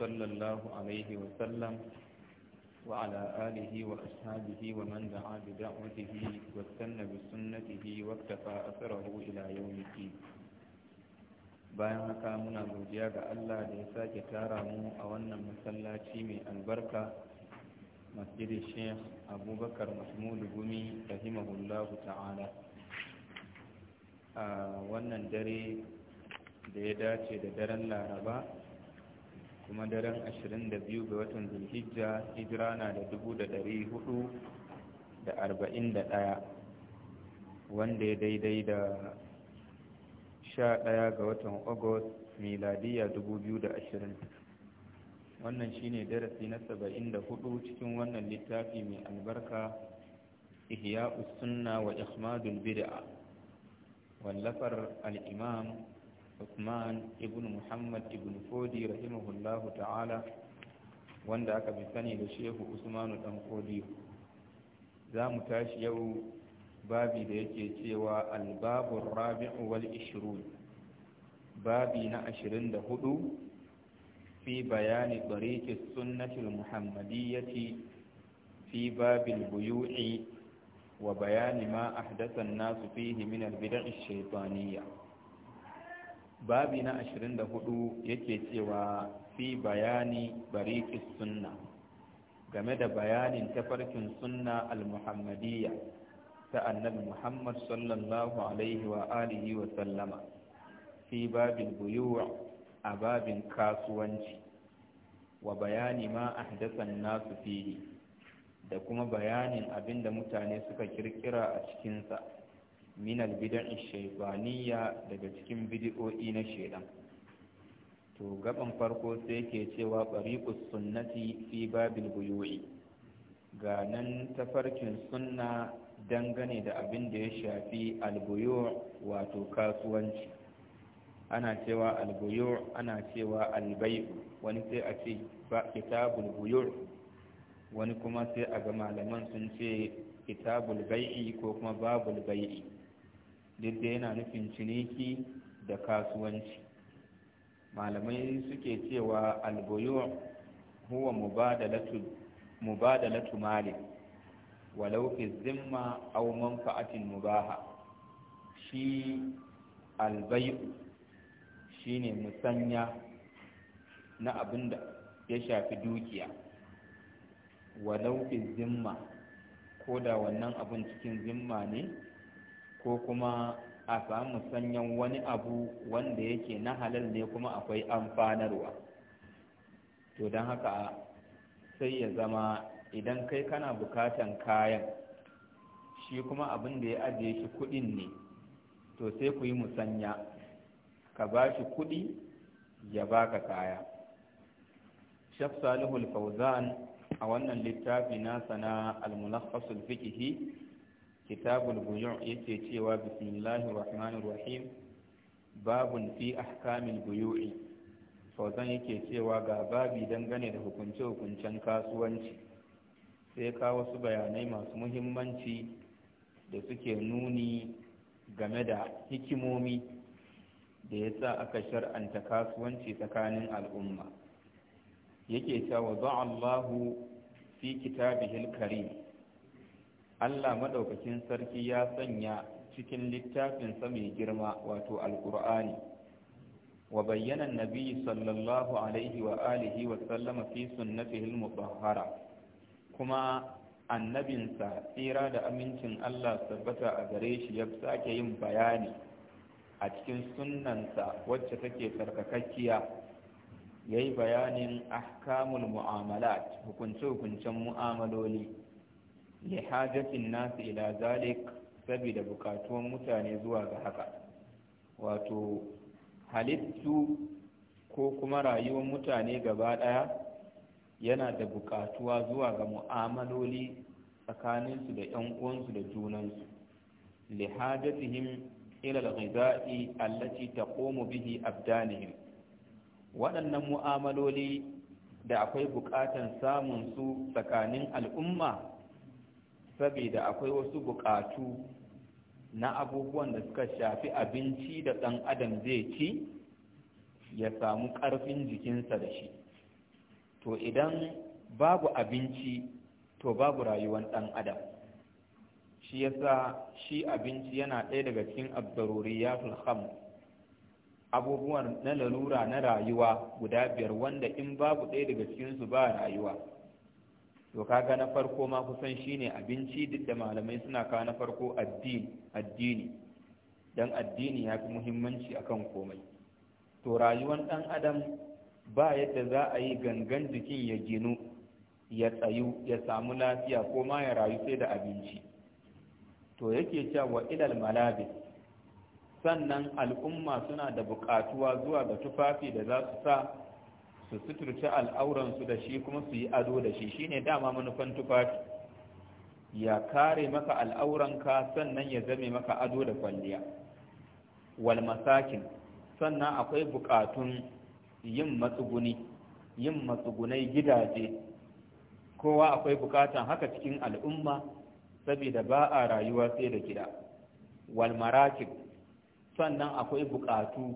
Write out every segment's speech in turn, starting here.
صلى الله عليه وسلم وعلى آله وأصحابه ومن دعا بدعوته واستنى بسنته واكتفى أثره إلى يوم الدين bayan haka muna godiya ga Allah da ya sake tara mu a wannan masallaci mai albarka masjidi sheikh abubakar Mahmud gumi rahimahullahu ta'ala a wannan dare da ya dace da daren laraba kuma daren 22 ga watan zulhijja hijira na da 441 wanda ya daidai da 11 ga watan agus miladiya 2020 wannan shine darasi na 74 cikin wannan littafi mai albarka ihya sunna wa ihmadul bid'a wallafar al-imam Usman ibn Muhammad ibn Fodi rahimahullahu ta'ala wanda aka bi sani da Shehu Usmanu dan Fodi za mu tashi yau babi da yake cewa albabur rabi'u wal ishrun babi na 24 fi bayani tariqis sunnatil muhammadiyyati fi babil buyu'i wa bayani ma ahdatha an-nasu fihi min al-bid'a ash babi na 24 yake cewa fi bayani bariki sunna game da bayanin tafarkin sunna al-muhammadiyya ta annabi muhammad sallallahu alaihi wa alihi wa sallama fi babin buyuwa a babin kasuwanci wa bayani ma ahdasan nasu fili da kuma bayanin abinda mutane suka kirkira a cikinsa min albidan shaifaniya daga cikin bidi'o'i na shaidan to gaban farko sai ke cewa bariqu sunnati fi babil buyu'i ga nan tafarkin sunna dangane da abin da ya shafi albuyu wato kasuwanci ana cewa albuyu ana cewa alba'i, wani sai a ce kitabul buyu wani kuma sai a ga malaman sun ce kitabul bai'i ko kuma babul bai'i Daidai yana nufin ciniki da kasuwanci malamai suke cewa albuyu huwa mubadalatu mubadalatu mali walau fi zimma aw manfa'atin mubaha shi albayu shine musanya na abin da ya shafi dukiya walau fi zimma ko da wannan abin cikin zimma ne ko kuma a samu sanyan wani abu wanda yake na halal ne kuma akwai amfanarwa to don haka sai ya zama idan kai kana bukatan kayan shi kuma abin da ya ajiye shi kudin ne to sai ku yi musanya ka ba shi kudi ya baka kaya shaf salihul fauzan a wannan littafi nasa na al-mulakhasul kitabul buyu' yake cewa bismillahir rahmanir rahim babun fi ahkamil buyu'i fauzan yake cewa ga babi dangane da hukunce hukuncen kasuwanci sai ka wasu bayanai masu muhimmanci da suke nuni game da hikimomi da ya sa aka shar'anta kasuwanci tsakanin al'umma yake cewa za'allahu fi kitabihil karim Allah madaukakin sarki ya sanya cikin littafinsa mai girma wato alkur'ani wa bayyana nabi sallallahu alaihi wa alihi wa sallama fi sunnatihi al kuma annabinsa tsira da amincin Allah sabbata a gare shi ya sake yin bayani a cikin sunnansa wacce take sarkakakkiya yayi bayanin ahkamul mu'amalat hukunce-hukuncen mu'amaloli li nasu ila zalik saboda bukatuwan mutane zuwa ga haka wato halittu ko kuma rayuwar mutane gaba ɗaya yana da bukatuwa zuwa ga mu'amaloli tsakaninsu da 'yan uwansu da junansu li hajatihim ila al-ghida'i allati taqumu bihi abdanihim waɗannan mu'amaloli da akwai buƙatan samun su tsakanin al'umma saboda akwai wasu buƙatu na abubuwan da suka shafi abinci da ɗan adam zai ci ya samu ƙarfin jikinsa da shi to idan babu abinci to babu rayuwar ɗan adam shi yasa shi abinci yana ɗaya daga cikin ya khams abubuwan na lalura na rayuwa guda biyar wanda in babu ɗaya daga cikinsu ba rayuwa to kaga na farko ma kusan shine abinci duk da malamai suna kawo na farko addini addini dan addini ya fi muhimmanci akan komai to rayuwar dan adam ba yadda za a yi gangan jikin ya ginu ya tsayu ya samu lafiya ko ma ya rayu sai da abinci to yake cewa ilal malabis sannan al'umma suna da buƙatuwa zuwa ga tufafi da za su sa su suturci al'auransu da shi kuma su yi ado da shi shine dama manufan tufafi ya kare maka al'auranka sannan ya zame maka ado da kwalliya Walmasakin masakin sannan akwai bukatun yin matsuguni yin matsugunai gidaje kowa akwai bukatan haka cikin al'umma saboda ba a rayuwa sai da gida wal sannan akwai bukatu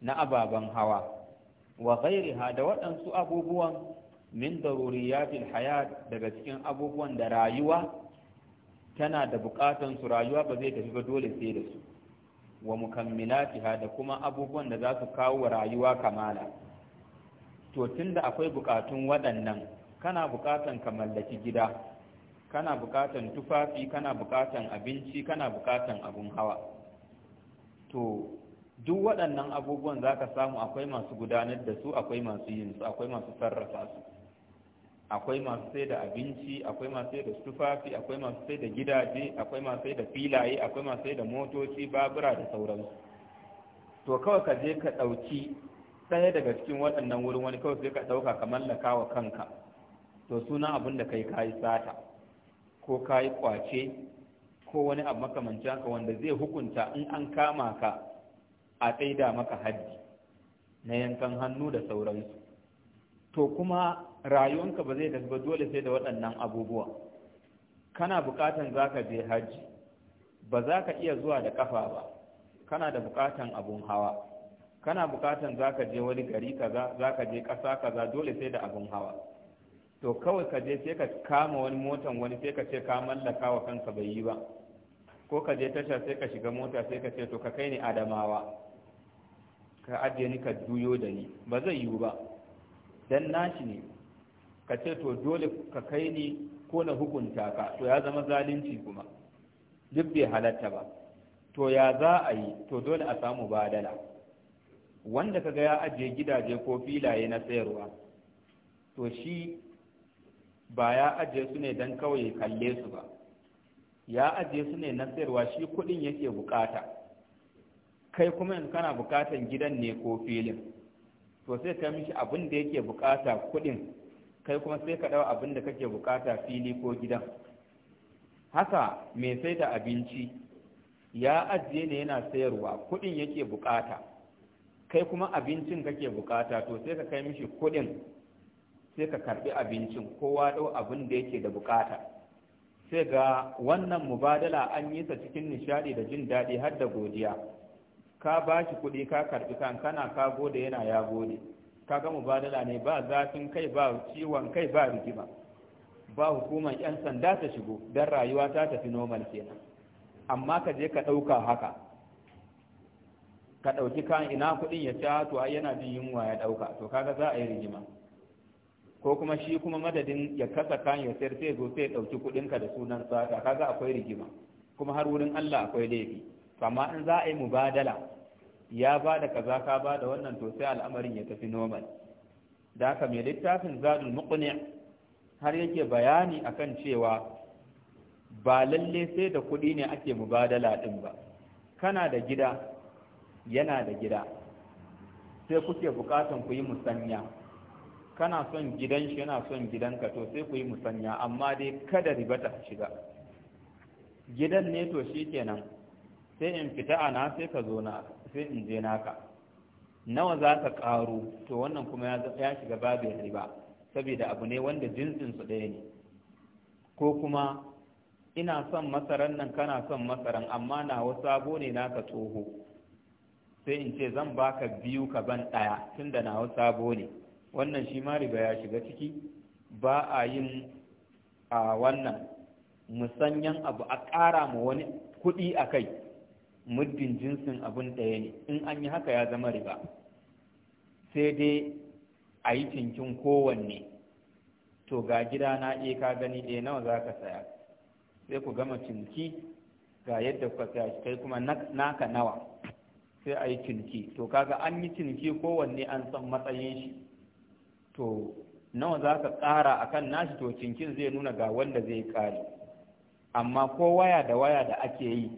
na ababen hawa wa ghairiha da waɗansu abubuwan min daruriyatil hayat daga cikin abubuwan da rayuwa tana da buƙatan su rayuwa ba zai tafi ba dole sai da su wa mukammilatiha da kuma abubuwan da za su kawo rayuwa kamala to tunda akwai bukatun waɗannan kana buƙatan ka mallaki gida kana buƙatan tufafi kana buƙatan abinci kana buƙatan abun hawa to duk waɗannan abubuwan za ka samu akwai masu gudanar da su akwai masu yin su akwai masu sarrafa su akwai masu sai da abinci akwai masu sai da tufafi akwai masu sai da gidaje akwai masu sai da filaye akwai masu sai da motoci babura da sauransu to kawai ka je ka ɗauki ɗaya daga cikin waɗannan wurin wani kawai sai ka ɗauka ka mallaka wa kanka to suna abin da kai kayi sata ko kayi kwace ko wani abu makamancin haka wanda zai hukunta in an kama ka a tsaida maka haddi na yankan hannu da sauransu to kuma rayuwanka ba zai tafi dole sai da waɗannan abubuwa kana buƙatan za ka je hajji ba za ka iya zuwa da ƙafa ba kana da buƙatan abun hawa kana buƙatan za ka je wani gari kaza za ka je ƙasa kaza dole sai da abun hawa to kawai ka je sai ka kama wani motan wani sai ka ce ka mallaka wa kanka bai yi ba ko ka je tasha sai ka shiga mota sai ka ce to ka kai ni adamawa ka ajiye ni ka juyo da ni ba zai yiwu ba dan nashi ne ka ce to dole ka kai ni ko na hukunta ka to ya zama zalunci kuma duk bai halatta ba to ya za a yi to dole a samu badala wanda kaga ya ajiye gidaje ko filaye na sayarwa to shi ba ya ajiye su ne don kawai kalle su ba ya ajiye su ne na sayarwa shi kuɗin yake bukata kai kuma yanzu kana bukatan gidan ne ko filin to sai ka mishi abin da yake bukata kudin kai kuma sai ka dawo abin da kake bukata fili ko gidan haka mai sai da abinci ya ajiye ne yana sayarwa kudin yake bukata kai kuma abincin kake bukata to sai ka kai mishi kudin sai ka karbi abincin kowa dau abin da yake da bukata sai ga wannan mubadala an yi ta cikin nishadi da jin daɗi har da godiya ka ba shi kuɗi ka karɓi kan kana ka gode yana ya gode ka ga mubadala ne ba zafin kai ba ciwon kai ba rigima ba hukumar yan sanda ta shigo don rayuwa ta tafi normal kenan amma ka je ka ɗauka haka ka ɗauki kan ina kuɗin ya ca to ai yana jin yunwa ya ɗauka to kaga za a yi rigima ko kuma shi kuma madadin ya kasa kan ya sayar sai zo sai ya ɗauki kuɗinka da sunan tsada kaga akwai rigima kuma har wurin Allah akwai laifi amma in za a yi mubadala ya ba da kaza ka ba da wannan to sai al'amarin ya tafi normal da haka mai littafin zadul muqni har yake bayani akan cewa ba lalle sai da kuɗi ne ake mubadala din ba kana da gida yana da gida sai kuke bukatan ku yi musanya kana son gidan shi yana son gidanka to sai ku yi musanya amma dai kada riba ta shiga gidan ne to shi kenan sai in fita a na sai ka zo na sai in je naka nawa za ka karo to wannan kuma ya shiga babin riba saboda abu ne wanda jinsin su ɗaya ne ko kuma ina son masaran nan kana son masaran amma nawa sabo ne naka tsoho sai in ce zan baka biyu ka ban ɗaya tunda nawa sabo ne wannan shi ma riba ya shiga ciki ba a yin a wannan musanyan abu a ƙara ma wani kuɗi a kai muddin jinsin abin ɗaya ne in an yi haka ya zama riba sai dai a yi cinkin kowanne to ga gida na iya eh, ka gani ɗaya eh, nawa za ka saya sai ku gama cinki ga yadda kuka saya kai kuma naka nawa sai a yi cinki to kaga an yi cinki kowanne an san matsayin shi to nawa za ka ƙara a kan nashi to cinkin zai nuna ga wanda zai ƙare amma ko waya da waya da ake yi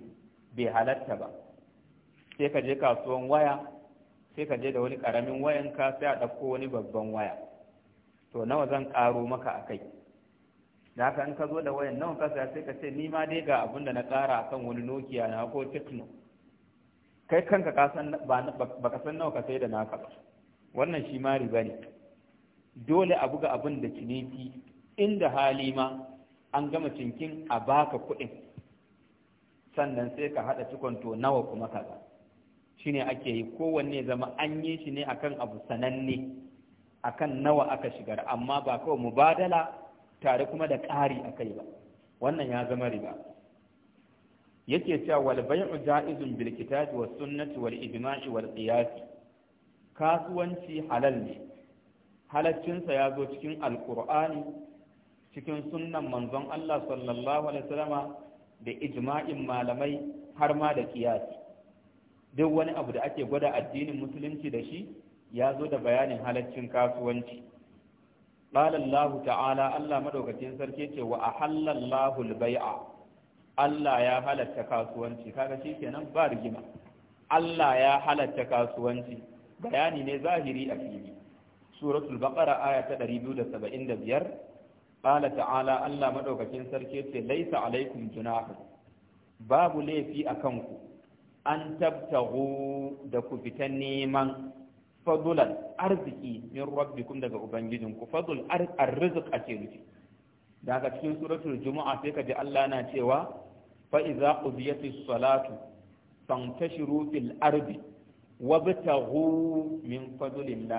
bai halatta ba sai ka je kasuwan waya sai ka je da wani ƙaramin ka sai a ɗauko wani babban waya to nawa zan ƙaro maka a kai da haka in ka zo da wayan nawa kasa sai ka ce ni ma dai ga abin da na ƙara akan wani nokia na ko tekno kai kanka ka san ba ka san nawa ka sai da naka ba wannan shi ma riba ne dole a buga abin da ciniki inda hali ma an gama cinkin a baka kuɗin sannan sai ka haɗa cikonto nawa kuma kaza shine ake yi kowanne zama an yi shi ne akan abu sananne akan nawa aka shigar amma ba kawai mubadala tare kuma da ƙari a kai ba wannan ya zama riba yake cewa wal bai'u ja'izun bil kitabi was sunnati wal ijma'i wal qiyas kasuwanci halal ne halaccin ya zo cikin alqur'ani cikin sunnan manzon Allah sallallahu alaihi wasallama da ijma'in malamai har ma da kiyasi duk wani abu da ake gwada addinin musulunci da shi ya zo da bayanin halaccin kasuwanci qala Allah ta'ala Allah madaukakin sarki ce wa ahallallahu al-bai'a Allah ya halatta kasuwanci kaga kenan ba rigima Allah ya halatta kasuwanci bayani ne zahiri a fili suratul baqara aya ta 275 qala ta'ala Allah maɗaukacin sarki ce laisa alaikum junahun babu laifi a kanku an tabtahu da ku fita neman fadulan arziki min rabbikum daga ubangijinku fadul arzik ake nufi daga cikin suratun juma'a sai ka ji Allah na cewa fa idza qudiyatis salatu fantashiru fil ardi wabtaghu min fadlillah